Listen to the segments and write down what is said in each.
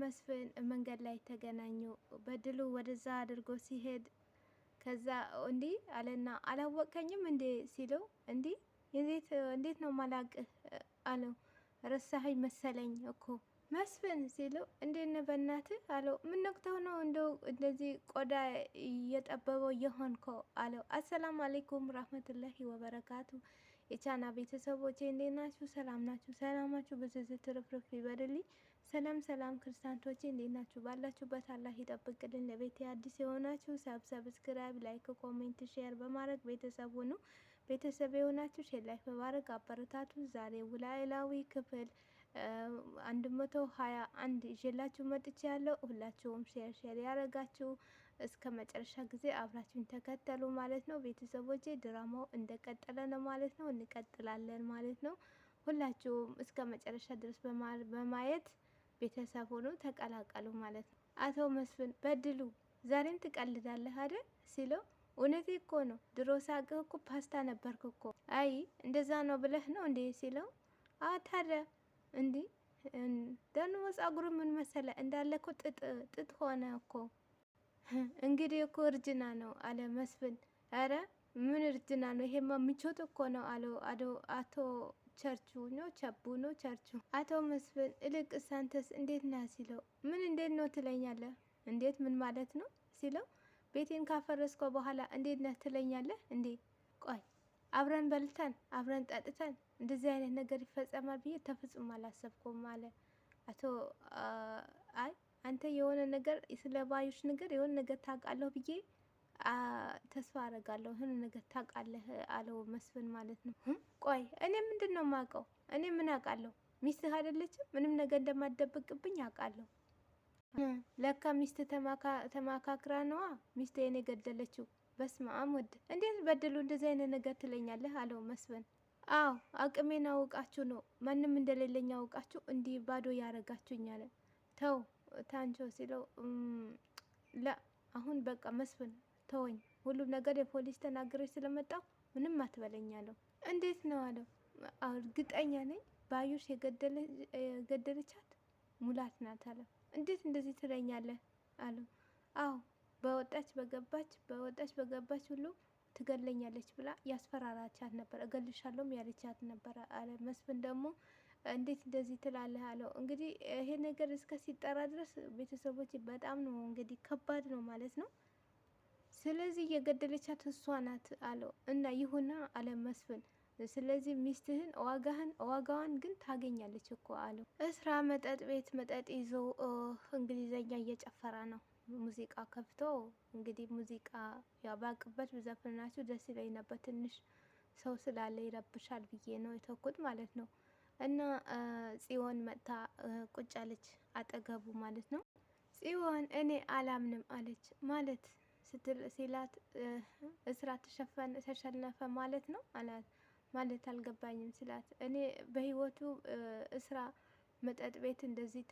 መስፍን መንገድ ላይ ተገናኙ። በድሉ ወደዛ አድርጎ ሲሄድ ከዛ እንዲ አለና አላወቀኝም እንዴ ሲለው እንዲ እንዴት እንዴት ነው ማላቅህ አለው። ረሳኸኝ መሰለኝ እኮ መስፍን ሲለው እንዴት ነህ በእናትህ አለው። ምን ነቅተው ነው እንደው እንደዚህ ቆዳ እየጠበበው የሆንኮ አለው። አሰላሙ አሌይኩም ራህመቱላሂ ወበረካቱ የቻና ቤተሰቦቼ እንዴት ናችሁ? ሰላም ናችሁ? ሰላማችሁ ብዙ ትርፍርፍ ይበልልኝ። ሰላም ሰላም ክርስቲያንቶች እንዴት ናችሁ? ባላችሁበት አላህ ይጠብቅልን። ለቤት አዲስ የሆናችሁ ሰብ ሰብስክራይብ፣ ላይክ፣ ኮሜንት፣ ሼር በማድረግ ቤተሰብ ሁኑ። ቤተሰብ የሆናችሁ ሼር፣ ላይክ በማድረግ አበረታቱ። ዛሬ ኖላዊ ክፍል አንድ መቶ ሀያ አንድ ይዤላችሁ መጥቼ ያለው ሁላችሁም ሼር ሼር ያደረጋችሁ እስከ መጨረሻ ጊዜ አብራችሁን ተከተሉ ማለት ነው። ቤተሰቦቼ ድራማው እንደቀጠለ ነው ማለት ነው። እንቀጥላለን ማለት ነው። ሁላችሁም እስከ መጨረሻ ድረስ በማየት ቤተሰብ ሆኖ ተቀላቀሉ ማለት ነው። አቶ መስፍን በድሉ ዛሬም ትቀልዳለህ አይደል ሲለው እውነቴ እኮ ነው። ድሮ ሳቅህ እኮ ፓስታ ነበርክ እኮ። አይ እንደዛ ነው ብለህ ነው እንዴ ሲለው አታዲያ እንዲህ ደግሞ ጸጉሩ ምን መሰለ እንዳለ እኮ ጥጥ ጥጥ ሆነ እኮ። እንግዲህ እኮ እርጅና ነው አለ መስፍን። ኧረ ምን እርጅና ነው ይሄማ ምቾት እኮ ነው አለው አቶ ቸርቹ ነው ቸቡ ነው ቸርቹ። አቶ መስፍን እልቅ ሳንተስ እንዴት ና ሲለው ምን እንዴት ነው ትለኛለህ? እንዴት ምን ማለት ነው ሲለው ቤቴን ካፈረስኮ በኋላ እንዴት ነህ ትለኛለህ እንዴ? ቆይ አብረን በልተን አብረን ጠጥተን እንደዚህ አይነት ነገር ይፈጸማል ብዬ ተፈጽሞ አላሰብኩም አለ አቶ አይ አንተ የሆነ ነገር ስለ ባዮች ነገር የሆነ ነገር ታውቃለሁ ብዬ ተስፋ አረጋለሁ ይህን ነገር ታውቃለህ አለው መስፍን ማለት ነው። ቆይ እኔ ምንድን ነው ማውቀው? እኔ ምን አውቃለሁ? ሚስትህ አይደለችም? ምንም ነገር እንደማደብቅብኝ አውቃለሁ። ለካ ሚስት ተማካክራ ነዋ ሚስት የኔ ገደለችው። በስመ አብ ወድ እንዴት በድሉ እንደዚህ አይነት ነገር ትለኛለህ? አለው መስፍን። አዎ አቅሜን አውቃችሁ ነው ማንም እንደሌለኝ አውቃችሁ እንዲህ ባዶ ያረጋችሁኝ አለ። ተው ታንቾ ሲለው ለ አሁን በቃ መስፍን ተወኝ፣ ሁሉም ነገር የፖሊስ ተናግሬ ስለመጣው ምንም አትበለኝ አለው። እንዴት ነው አለው። እርግጠኛ ነኝ ባዩሽ የገደለቻት ሙላት ናት አለው። እንዴት እንደዚህ ትለኛለህ አለው። አዎ በወጣች በገባች በወጣች በገባች ሁሉ ትገለኛለች ብላ ያስፈራራቻት ነበር። እገልሻለሁም ያለቻት ነበር አለ። መስፍን ደግሞ እንዴት እንደዚህ ትላለህ አለው። እንግዲህ ይሄ ነገር እስከ ሲጠራ ድረስ ቤተሰቦች በጣም ነው እንግዲህ ከባድ ነው ማለት ነው። ስለዚህ የገደለቻት እሷ ናት አለው እና ይሁና አለ መስፍን። ስለዚህ ሚስትህን ዋጋህን ዋጋዋን ግን ታገኛለች እኮ አለው። እስራ መጠጥ ቤት መጠጥ ይዞ እንግሊዘኛ እየጨፈራ ነው። ሙዚቃ ከፍቶ እንግዲህ ሙዚቃ ባቅበት ብዘፍንላችሁ ደስ ይለኝ ነበር። ትንሽ ሰው ስላለ ይረብሻል ብዬ ነው የተኩት ማለት ነው። እና ጽዮን መጥታ ቁጭ አለች አጠገቡ ማለት ነው። ጽዮን እኔ አላምንም አለች ማለት ሲላት ተሸፈን ተሸነፈ ማለት ነው አላት። ማለት አልገባኝም ሲላት እኔ በህይወቱ እስራ መጠጥ ቤት እንደዚህ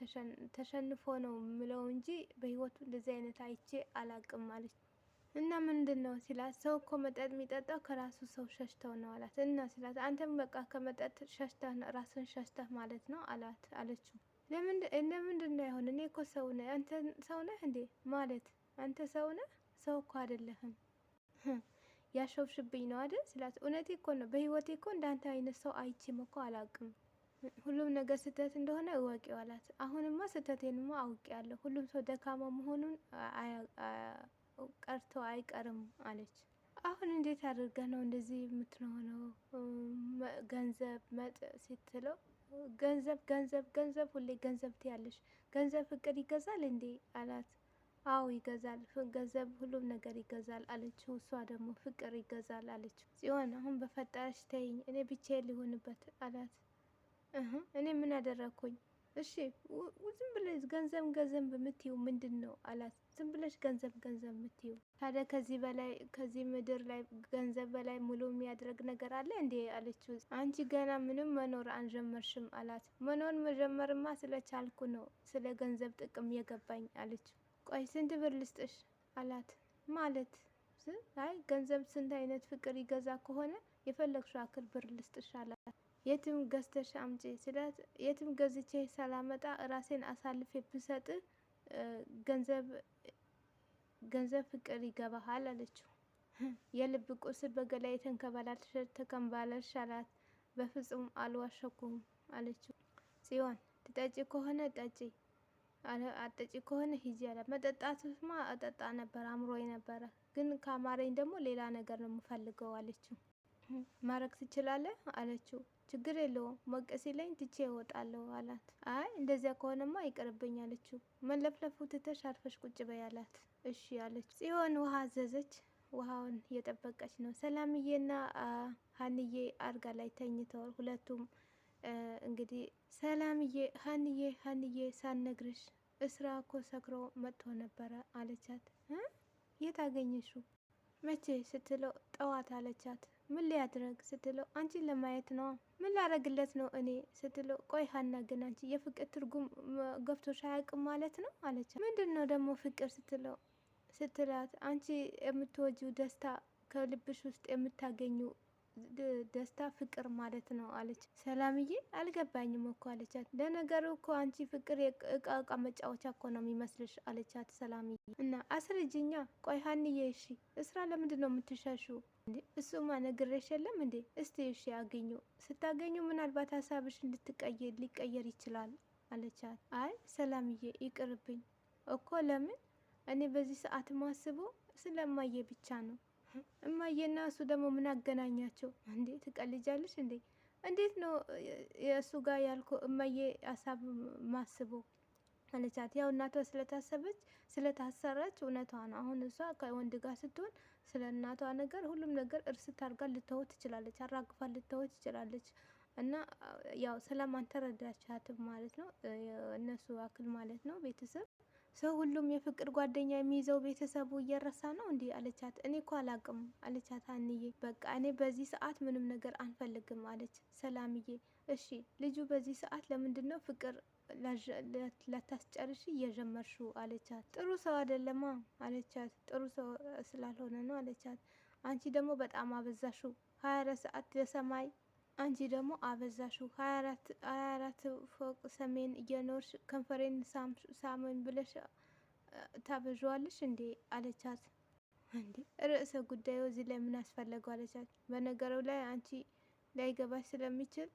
ተሸንፎ ነው ምለው እንጂ በህይወቱ እንደዚህ አይነት አይቼ አላቅም አለች። እና ምንድን ነው ሲላት ሰው እኮ መጠጥ የሚጠጣው ከራሱ ሰው ሸሽተው ነው አላት። እና ሲላት አንተም በቃ ከመጠጥ ሸሽተህ ራስን ሸሽተህ ማለት ነው አላት አለችው። ለምንድን ነው አይሆን እኔ እኮ ሰው ነህ አንተ ሰው ነህ እንዴ ማለት አንተ ሰው ነህ ሰው እኮ አይደለህም ያሸብሽብኝ ነው አይደል ስላት፣ እውነቴ እኮ ነው። በህይወቴ እኮ እንዳንተ አይነት ሰው አይቼም እኮ አላውቅም። ሁሉም ነገር ስህተት እንደሆነ እወቂው አላት። አሁንማ ስህተቴንማ አውቄያለሁ። ሁሉም ሰው ደካማ መሆኑን ቀርቶ አይቀርም አለች። አሁን እንዴት አድርገህ ነው እንደዚህ የምትሆነው? ገንዘብ መጥ ስትለው ገንዘብ ገንዘብ ገንዘብ ሁሌ ገንዘብ ትያለሽ። ገንዘብ ፍቅር ይገዛል እንዴ አላት። አዎ ይገዛል፣ ገንዘብ ሁሉም ነገር ይገዛል አለችው። እሷ ደግሞ ፍቅር ይገዛል አለችው። ጽዮን አሁን በፈጠረች ተይኝ፣ እኔ ብቻዬን ሊሆንበት አላት። እኔ ምን አደረግኩኝ? እሺ ዝም ብለሽ ገንዘብ ገንዘብ የምትይው ምንድን ነው አላት። ዝም ብለሽ ገንዘብ ገንዘብ የምትይው ታዲያ ከዚህ በላይ ከዚህ ምድር ላይ ገንዘብ በላይ ሙሉ የሚያደርግ ነገር አለ እንዴ አለችው። አንቺ ገና ምንም መኖር አንጀመርሽም አላት። መኖር መጀመርማ ስለቻልኩ ነው ስለ ገንዘብ ጥቅም የገባኝ አለችው። ቆይ ስንት ብር ልስጥሽ አላት። ማለት አይ ገንዘብ ስንት አይነት ፍቅር ይገዛ ከሆነ የፈለግሽው አክል ብር ልስጥሽ አላት። የትም ገዝተሽ አምጪ ስላት፣ የትም ገዝቼ ሳላመጣ ራሴን አሳልፌ ብሰጥህ ገንዘብ ገንዘብ ፍቅር ይገባሃል አለችው። የልብ ቁስል በገላ የተንከባላልሽ ተከምባለሽ አላት። በፍጹም አልዋሸኩም አለችው። ጽዮን ትጠጪ ከሆነ ጠጪ አጠጪ ከሆነ ሂጂ አለ። መጠጣትማ እጠጣ ነበር አምሮ ነበረ፣ ግን ከአማረኝ ደግሞ ሌላ ነገር ነው የምፈልገው አለችው። ማረግ ትችላለህ አለችው። ችግር የለውም ሞቅ ሲለኝ ትቼ እወጣለሁ አላት። አይ እንደዚያ ከሆነማ ይቅርብኝ አለችው። መለፍለፉ ትተሽ አርፈሽ ቁጭ በይ አላት። እሺ አለች። ጽዮን ውሃ አዘዘች። ውሃውን እየጠበቀች ነው። ሰላምዬና ሀንዬ አልጋ ላይ ተኝተዋል ሁለቱም እንግዲህ ሰላምዬ ሀንዬ ሀንዬ ሳነግርሽ እስራ እኮ ሰክሮ መጥቶ ነበረ አለቻት። የት አገኘሽው መቼ ስትለው ጠዋት አለቻት። ምን ሊያድረግ ስትለው አንቺን ለማየት ነዋ። ምን ላረግለት ነው እኔ ስትለው፣ ቆይ ሀና ግን አንቺ የፍቅር ትርጉም ገብቶሽ አያውቅም ማለት ነው አለቻት። ምንድን ነው ደግሞ ፍቅር ስትለው ስትላት አንቺ የምትወጂው ደስታ ከልብሽ ውስጥ የምታገኙ ደስታ ፍቅር ማለት ነው አለች። ሰላምዬ አልገባኝም እኮ አለቻት። ለነገሩ እኮ አንቺ ፍቅር የእቃ እቃ መጫወቻ እኮ ነው የሚመስልሽ አለቻት ሰላምዬ። እና አስረጅኛ ቆይ ሀንዬ፣ እሺ እስራ ለምንድን ነው የምትሻሹ? እሱማ ነግሬሽ የለም እንዴ? እስቲ እሺ አገኙ ስታገኙ ምናልባት ሀሳብሽ እንድትቀየር ሊቀየር ይችላል አለቻት። አይ ሰላምዬ ይቅርብኝ እኮ ለምን እኔ በዚህ ሰዓት ማስቦ ስለማየ ብቻ ነው እማዬና እሱ ደግሞ ምን አገናኛቸው እንዴ? ትቀልጃለሽ እንዴ? እንዴት ነው የእሱ ጋር ያልኮ እማዬ ሀሳብ ማስቦ አለቻት። ያው እናቷ ስለታሰበች ስለታሰረች እውነቷ ነው። አሁን እሷ ከወንድ ጋር ስትሆን ስለ እናቷ ነገር ሁሉም ነገር እርስ ታርጋ ልትወት ትችላለች፣ አራግፋ ልትወት ትችላለች። እና ያው ሰላም አልተረዳቻትም ማለት ነው። እነሱ አክል ማለት ነው ቤተሰብ ሰው ሁሉም የፍቅር ጓደኛ የሚይዘው ቤተሰቡ እየረሳ ነው እንዲህ አለቻት። እኔ እኮ አላቅም አለቻት አንዬ። በቃ እኔ በዚህ ሰዓት ምንም ነገር አንፈልግም አለች ሰላምዬ። እሺ ልጁ በዚህ ሰዓት ለምንድን ነው ፍቅር ላታስጨርሽ እየጀመርሹ አለቻት። ጥሩ ሰው አይደለማ አለቻት። ጥሩ ሰው ስላልሆነ ነው አለቻት። አንቺ ደግሞ በጣም አበዛሹ ሀያ አራት ሰዓት ለሰማይ አንቺ ደግሞ አበዛሹ። ሀያ አራት ፎቅ ሰሜን እየኖርሽ ከንፈሬን ሳመኝ ብለሽ ታበዥዋለሽ እንዴ አለቻት። እንዴ ርዕሰ ጉዳዩ እዚህ ላይ ምን አስፈለገው አለቻት። በነገረው ላይ አንቺ ላይገባሽ ስለሚችል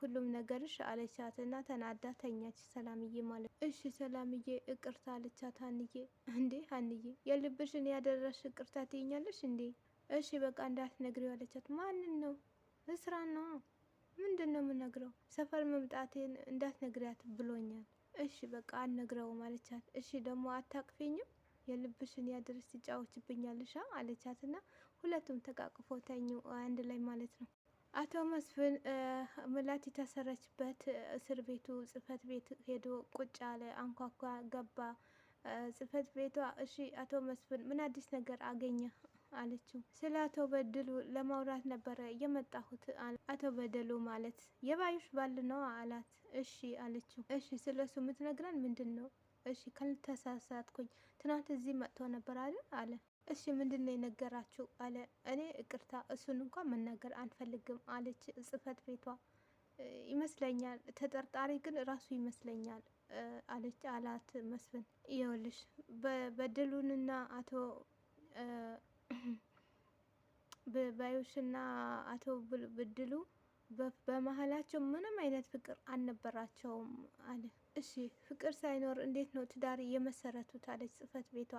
ሁሉም ነገርሽ አለቻት እና ተናዳ ተኛች። ሰላምዬ ማለት እሺ ሰላምዬ ይቅርታ አለቻት። አንዬ እንዴ አንዬ የልብሽን ያደረሽ ይቅርታ ትይኛለሽ እንዴ እሺ በቃ እንዳትነግሪው አለቻት። ማንን ነው? እስራን ነው። ምንድን ነው የምነግረው? ሰፈር መምጣቴን እንዳትነግሪያት ብሎኛል። እሺ በቃ አልነግረውም አለቻት። እሺ ደግሞ አታቅፊኝም? የልብሽን ያድርስ ትጫወችብኛለሽ አለቻት። ና ሁለቱም ተቃቅፎ ተኙ አንድ ላይ ማለት ነው። አቶ መስፍን ምላት የታሰረችበት እስር ቤቱ ጽህፈት ቤት ሄዶ ቁጭ አለ። አንኳኳ፣ ገባ ጽህፈት ቤቷ። እሺ አቶ መስፍን ምን አዲስ ነገር አገኘ አለችው። ስለ አቶ በድሉ ለማውራት ነበረ የመጣሁት አቶ በደሉ ማለት የባዩሽ ባል ነው አላት። እሺ አለችው። እሺ ስለ እሱ የምትነግረን ምንድን ነው? እሺ ካልተሳሳትኩኝ ትናንት እዚህ መጥቶ ነበር አለ አለ። እሺ ምንድን ነው የነገራችሁ? አለ። እኔ እቅርታ እሱን እንኳን መናገር አንፈልግም አለች። ጽህፈት ቤቷ ይመስለኛል፣ ተጠርጣሪ ግን ራሱ ይመስለኛል አለች አላት መስፍን። ይኸውልሽ በበደሉንና አቶ ባዩሽና አቶ ብድሉ በመሀላቸው ምንም አይነት ፍቅር አልነበራቸውም አለ። እሺ ፍቅር ሳይኖር እንዴት ነው ትዳር የመሰረቱት? አለች ጽህፈት ቤቷ።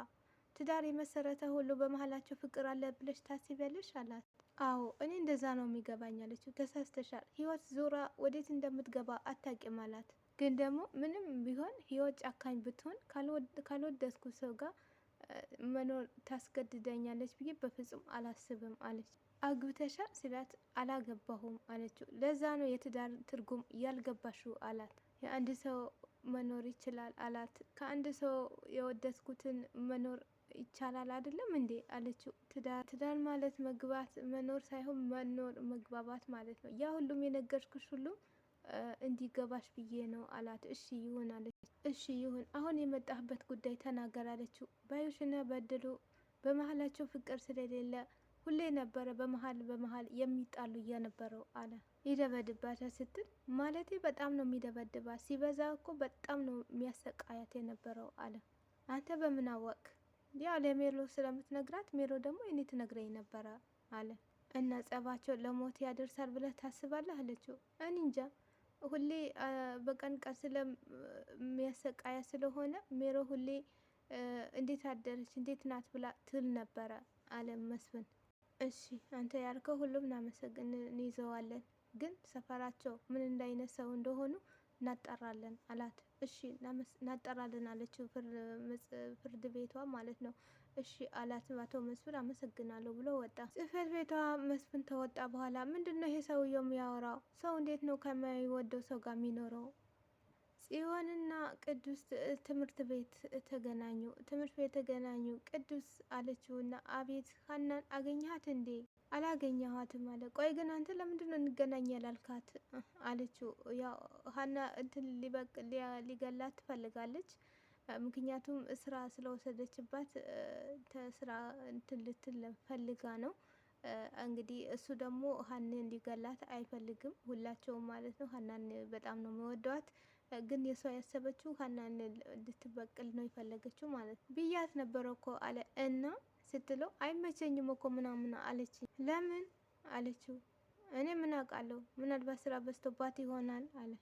ትዳር የመሰረተ ሁሉ በመሀላቸው ፍቅር አለ ብለሽ ታስቢያለሽ? አላት። አዎ እኔ እንደዛ ነው የሚገባኝ አለችው። ተሳስተሻል። ህይወት ዞራ ወዴት እንደምትገባ አታውቂም አላት። ግን ደግሞ ምንም ቢሆን ህይወት ጫካኝ ብትሆን ካልወደድኩ ሰው ጋር መኖር ታስገድደኛለች ብዬ በፍጹም አላስብም አለች። አግብተሻ ስላት አላገባሁም አለችው። ለዛ ነው የትዳር ትርጉም ያልገባሹ አላት። የአንድ ሰው መኖር ይችላል አላት። ከአንድ ሰው የወደድኩትን መኖር ይቻላል አይደለም እንዴ አለችው። ትዳር ትዳር ማለት መግባት መኖር ሳይሆን መኖር መግባባት ማለት ነው። ያ ሁሉም የነገርኩሽ ሁሉም እንዲገባሽ ብዬ ነው አላት። እሺ ይሁን አለች። እሺ ይሁን አሁን የመጣህበት ጉዳይ ተናገር አለችው። ባዩሽና በድሉ በመሀላቸው ፍቅር ስለሌለ ሁሌ ነበረ በመሀል በመሀል የሚጣሉ እየነበረው አለ። ይደበድባታል ስትል ማለቴ በጣም ነው የሚደበድባት፣ ሲበዛ እኮ በጣም ነው የሚያሰቃያት የነበረው አለ። አንተ በምን አወቅ? ያው ለሜሮ ስለምትነግራት ሜሮ ደግሞ እኔ ትነግረኝ ነበረ አለ። እና ጸባቸው ለሞት ያደርሳል ብለህ ታስባለህ አለችው። እኔ እንጃ ሁሌ በቀን ቀን ስለሚያሰቃያ ስለሆነ ሜሮ ሁሌ እንዴት አደረች እንዴት ናት ብላ ትል ነበረ አለ መስፍን። እሺ አንተ ያልከው ሁሉም እናመሰግን እንይዘዋለን፣ ግን ሰፈራቸው ምን እንዳይነት ሰው እንደሆኑ እናጠራለን አላት። እሺ እናጠራለን አለችው ፍርድ ቤቷ ማለት ነው። እሺ አላት አቶ መስፍን አመሰግናለሁ ብሎ ወጣ። ጽህፈት ቤቷ መስፍን ከወጣ በኋላ ምንድን ነው ይሄ ሰውየው የሚያወራው? ሰው እንዴት ነው ከማይወደው ሰው ጋር የሚኖረው ጽዮንና ቅዱስ ትምህርት ቤት ተገናኙ። ትምህርት ቤት ተገናኙ። ቅዱስ አለችውና አቤት ሀናን አገኘሃት እንዴ? አላገኘኋትም አለ። ቆይ ግን አንተ ለምንድን ነው እንገናኝ ያላልካት? አለችው። ያው ሀና እንትን ሊበቅ ሊገላት ትፈልጋለች። ምክንያቱም ስራ ስለወሰደችባት ስራ እንትን ልትል ፈልጋ ነው። እንግዲህ እሱ ደግሞ ሀኔ እንዲገላት አይፈልግም። ሁላቸውም ማለት ነው። ሀናን በጣም ነው የሚወደዋት። ግን የሰው ያሰበችው ሀናን እንድትበቅል ነው የፈለገችው ማለት ነው። ብያት ነበረ እኮ አለ እና ስትለው አይመቸኝም እኮ ምናምን አለችኝ። ለምን አለችው። እኔ ምን አውቃለሁ፣ ምናልባት ስራ በዝቶባት ይሆናል አለ።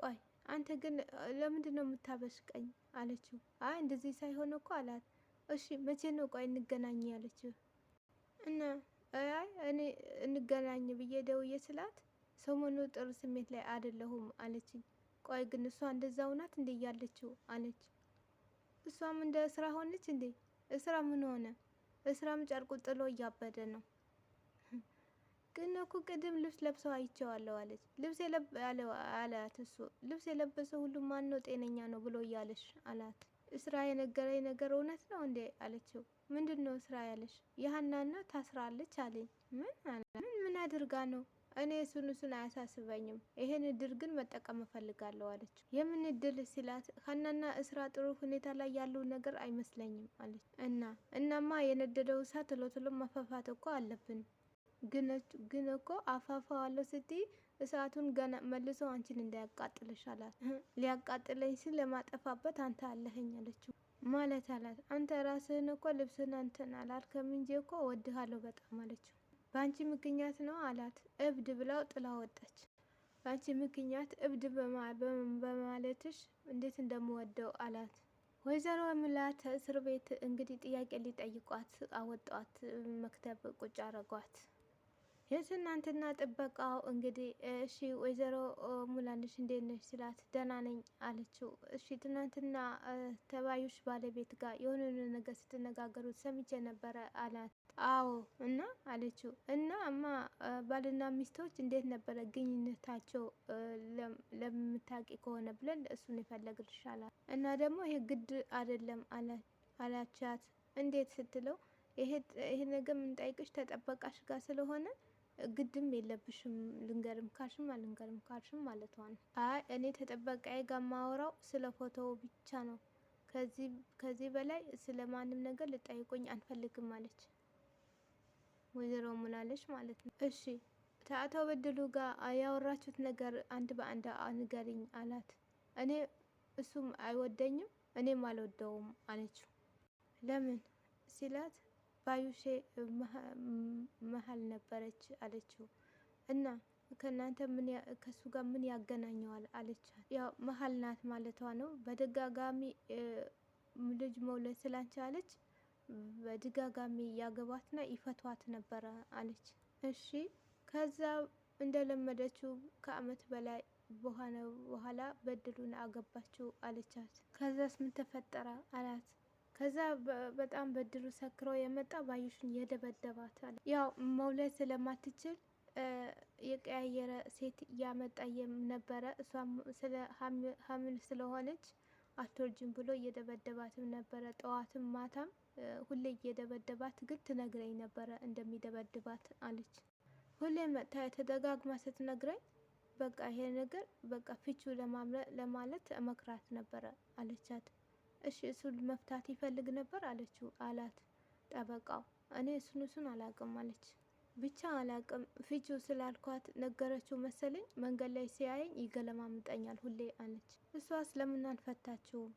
ቆይ አንተ ግን ለምንድን ነው የምታበሽቀኝ አለችው። አይ እንደዚህ ሳይሆን እኮ አላት። እሺ መቼ ነው ቆይ እንገናኝ አለችው እና አይ እኔ እንገናኝ ብዬ ደውዬ ስላት ሰሞኑ ጥሩ ስሜት ላይ አይደለሁም አለችኝ። ቆይ ግን እሷ እንደዛው ናት እንዴ እያለችው አለች። እሷም እንደ እስራ ሆነች እንዴ? እስራ ምን ሆነ? እስራም ጨርቁ ጥሎ እያበደ ነው። ግን እኮ ቅድም ልብስ ለብሰው አይቼዋለሁ አለች። ልብስ አላት እሱ ልብስ የለበሰ ሁሉ ማን ነው ጤነኛ ነው ብሎ እያለሽ አላት። እስራ የነገረኝ ነገር እውነት ነው እንዴ አለችው። ምንድን ነው እስራ ያለሽ? የሀናና ታስራለች አለኝ። ምን ምን ምን አድርጋ ነው እኔ እሱን እሱን አያሳስበኝም ይሄን እድል ግን መጠቀም እፈልጋለሁ አለች። የምን እድል ሲላት ሀናና እስራ ጥሩ ሁኔታ ላይ ያለው ነገር አይመስለኝም አለች። እና እናማ የነደደው እሳት ቶሎ ቶሎ መፈፋት እኮ አለብን። ግን እኮ አፋፋዋለሁ ስትይ እሳቱን ገና መልሶ አንቺን እንዳያቃጥልሽ አላት። ሊያቃጥለኝ ሲል ለማጠፋበት አንተ አለኸኝ አለችው። ማለት አላት አንተ ራስህን እኮ ልብስህን አንተን አላልከም እንጂ እኮ ወድሃለሁ በጣም አለችው። በአንቺ ምክንያት ነው አላት። እብድ ብላው ጥላ ወጣች። በአንቺ ምክንያት እብድ በማለትሽ እንዴት እንደምወደው አላት። ወይዘሮ ምላት እስር ቤት እንግዲህ ጥያቄ ሊጠይቋት አወጧት። መክተብ ቁጭ አረጓት። የትናንትና ጥበቃው እንግዲህ እሺ ወይዘሮ ሙላልሽ እንዴት ነሽ ስላት ደህና ነኝ አለችው። እሺ ትናንትና ተባዩሽ ባለቤት ጋር የሆነ ነገር ስትነጋገሩ ሰምቼ ነበረ አላት። አዎ እና አለችው። እና እማ ባልና ሚስቶች እንዴት ነበረ ግንኙነታቸው ለምታቂ ከሆነ ብለን እሱን የፈለግልሽ አላት። እና ደግሞ ይሄ ግድ አይደለም አላቻት። እንዴት ስትለው ይሄ ነገር የምንጠይቅሽ ተጠበቃሽ ጋር ስለሆነ ግድም የለብሽም ልንገርም ካልሽም አልንገርም ካልሽም ማለቷ ነው። አይ እኔ ተጠበቀ ጋር ማወራው ስለ ፎቶው ብቻ ነው። ከዚህ በላይ ስለ ማንም ነገር ልጠይቆኝ አንፈልግም አለች ወይዘሮ ሙላለች ማለት ነው። እሺ ከአቶ በድሉ ጋር ያወራችሁት ነገር አንድ በአንድ ንገሪኝ አላት። እኔ እሱም አይወደኝም እኔም አልወደውም አለችው። ለምን ሲላት ባዩሼ መሀል ነበረች አለችው እና ከእናንተ ምን ከእሱ ጋር ምን ያገናኘዋል አለቻት። ያው መሀል ናት ማለቷ ነው። በደጋጋሚ ልጅ መውለድ ስላልቻለች በደጋጋሚ ያገባትና ይፈቷት ነበረ አለች። እሺ ከዛ እንደለመደችው ከአመት በላይ በኋላ በድሉን አገባችው አለቻት። ከዛስ ምን ተፈጠረ አላት። ከዛ በጣም በድሉ ሰክሮ የመጣ ባዩሽን የደበደባታል። ያው መውለድ ስለማትችል የቀያየረ ሴት እያመጣ ነበረ። እሷም ስለ ሀምል ስለሆነች አትወርጅም ብሎ እየደበደባትም ነበረ። ጠዋትም ማታም ሁሌ እየደበደባት ግን ትነግረኝ ነበረ እንደሚደበድባት አለች። ሁሌ መጥታ የተደጋግማ ስትነግረኝ በቃ ይሄ ነገር በቃ ፍቹ ለማለት እመክራት ነበረ አለቻት። እሺ እሱን መፍታት ይፈልግ ነበር አለችው አላት ጠበቃው። እኔ እሱን እሱን አላቅም አለች። ብቻ አላቅም ፍቺው ስላልኳት ነገረችው መሰለኝ። መንገድ ላይ ሲያየኝ ይገለማምጠኛል ሁሌ አለች። እሷ ስለምን አልፈታችውም?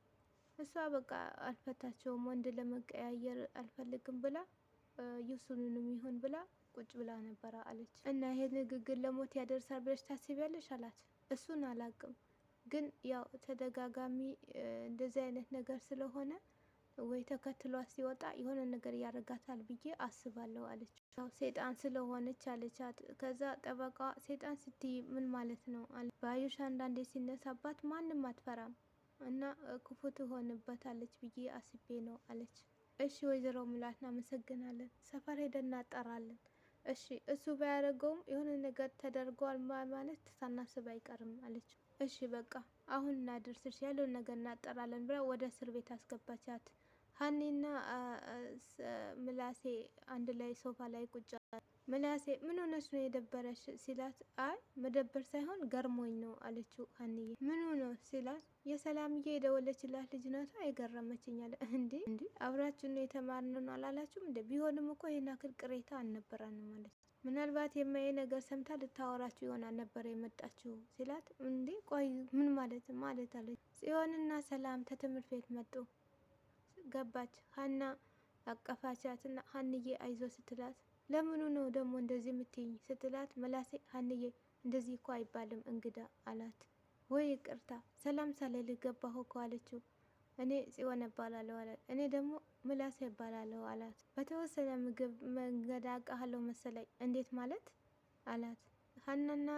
እሷ በቃ አልፈታችውም፣ ወንድ ለመቀያየር አልፈልግም ብላ ይሱንንም ይሁን ብላ ቁጭ ብላ ነበረ አለች። እና ይሄ ንግግር ለሞት ያደርሳል ብለሽ ታስቢያለሽ አላት። እሱን አላቅም ግን ያው ተደጋጋሚ እንደዚህ አይነት ነገር ስለሆነ ወይ ተከትሏት ሲወጣ የሆነ ነገር ያደርጋታል ብዬ አስባለሁ አለች። ያው ሴጣን ስለሆነች አለቻት። ከዛ ጠበቃ ሴጣን ስትይ ምን ማለት ነው? ባዩሽ አንዳንዴ ሲነሳባት ማንም አትፈራም እና ክፉ ትሆንበታለች ብዬ አስቤ ነው አለች። እሺ ወይዘሮ ሙላት እናመሰግናለን። ሰፈር ሄደን እናጠራለን። እሺ እሱ ባያደርገውም የሆነ ነገር ተደርጓል ማለት ሳናስብ አይቀርም አለች። እሺ በቃ አሁን እናድርስሽ ያለውን ነገር እናጠራለን ብላ ወደ እስር ቤት አስገባቻት። ሀኒና ምላሴ አንድ ላይ ሶፋ ላይ ቁጭ ምላሴ ምን ሆነች ነው የደበረሽ ሲላት፣ አይ መደበር ሳይሆን ገርሞኝ ነው አለችው። ሀንዬ ምኑ ነው ሲላት፣ የሰላምዬ የደወለችላት ልጅነቷ የገረመችኝ አለ። እንዲ እንዲ አብራችሁ ነው የተማርነው አላላችሁም እንደ ቢሆንም እኮ ይህን ቅሬታ አልነበረንም ማለት ምናልባት የማዬ ነገር ሰምታ ልታወራችሁ ይሆናል ነበር የመጣችው ሲላት፣ እንዴ ቆይ ምን ማለት ማለት አለች። ጽዮንና ሰላም ከትምህርት ቤት መጡ። ገባች ሀና አቀፋቻትና ሀንዬ አይዞ ስትላት ለምኑ ነው ደግሞ እንደዚህ የምትይኝ ስትላት መላሴ ሀንዬ እንደዚህ እኮ አይባልም እንግዳ አላት። ወይ ይቅርታ ሰላም ሳልል ገባሁ እኮ አለችው። እኔ ጽዮን እባላለሁ አላት። እኔ ደግሞ ምላሴ እባላለሁ አላት። በተወሰነ ምግብ መንገድ አውቃሃለሁ መሰለኝ። እንዴት ማለት አላት። ሀናና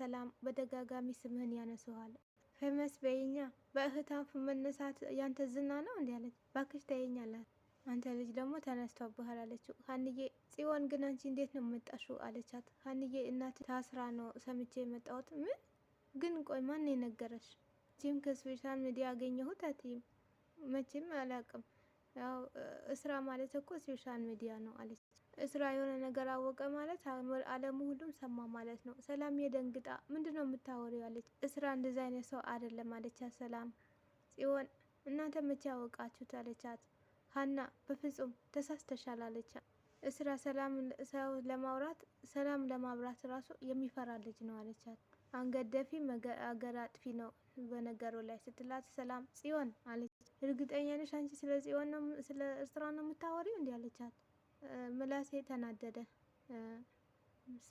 ሰላም በደጋጋሚ ስምህን ያነሱሃል። ፌመስ በይኛ በእህታፍ መነሳት ያንተ ዝና ነው እንዲ አለች። ባክሽ ተይኝ አላት። አንተ ልጅ ደግሞ ተነስቶብሃል አለችው። ሀንዬ ጽዮን ግን አንቺ እንዴት ነው የመጣሽው አለቻት። ሀንዬ እናት ታስራ ነው ሰምቼ የመጣሁት። ምን ግን ቆይ ማን የነገረሽ? ጂም ከሶሻል ሚዲያ አገኘሁት አትይም። መቼም አላቅም። ያው እስራ ማለት እኮ ሶሻል ሚዲያ ነው አለች። እስራ የሆነ ነገር አወቀ ማለት አለሙ ሁሉም ሰማ ማለት ነው። ሰላም የደንግጣ ምንድን ነው የምታወሪው አለች። እስራ እንደዚ አይነት ሰው አይደለም አለቻት። ሰላም ጽዮን እናንተ መቼ አወቃችሁት አለቻት። ሀና በፍጹም ተሳስተሻል አለቻ። እስራ ሰላም ሰው ለማውራት ሰላም ለማብራት ራሱ የሚፈራ ልጅ ነው አለቻት። አንገት ደፊ አገር አጥፊ ነው በነገሩ ላይ ስትላት ሰላም ጽዮን አለች። እርግጠኛ ነሽ አንቺ ስለ ጽዮን ነው ስለ እስራ ነው የምታወሪው? እንዲህ አለቻት። ምላሴ ተናደደ።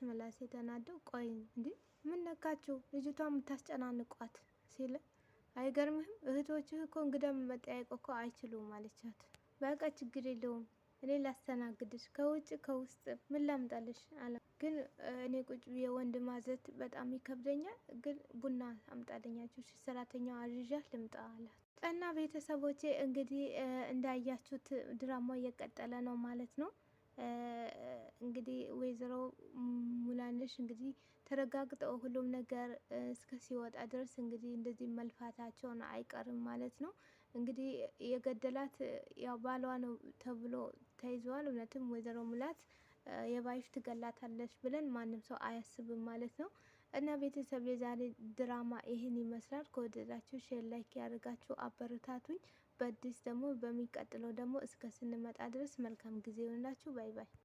ምላሴ ተናደው ቆይ እንዲ ምን ነካችሁ ልጅቷ የምታስጨናንቋት ሲል አይገርምህም? እህቶችህ እኮ እንግዳ መጠያየቅ እኮ አይችሉም አለቻት። በቃ ችግር የለውም እኔ ላስተናግድሽ ከውጭ ከውስጥ ምን ላምጣልሽ አላ ግን እኔ ቁጭ ብዬ ወንድ ማዘት በጣም ይከብደኛል። ግን ቡና አምጣልኛችሁ ሰራተኛው አርዣ ልምጣ አለ። እና ቤተሰቦቼ እንግዲህ እንዳያችሁት ድራማው እየቀጠለ ነው ማለት ነው። እንግዲህ ወይዘሮ ሙላንሽ እንግዲህ ተረጋግጠው ሁሉም ነገር እስከ ሲወጣ ድረስ እንግዲህ እንደዚህ መልፋታቸውን አይቀርም ማለት ነው። እንግዲህ የገደላት ያው ባሏ ነው ተብሎ ተይዘዋል። እውነትም ወይዘሮ ሙላት የባዩሽ ትገላታለች ብለን ማንም ሰው አያስብም ማለት ነው። እና ቤተሰብ የዛሬ ድራማ ይህን ይመስላል። ከወደዳችሁ ሼር ላይክ ያደርጋችሁ አበረታቱኝ። በአዲስ ደግሞ በሚቀጥለው ደግሞ እስከ ስንመጣ ድረስ መልካም ጊዜ ይሆንላችሁ። ባይ ባይ።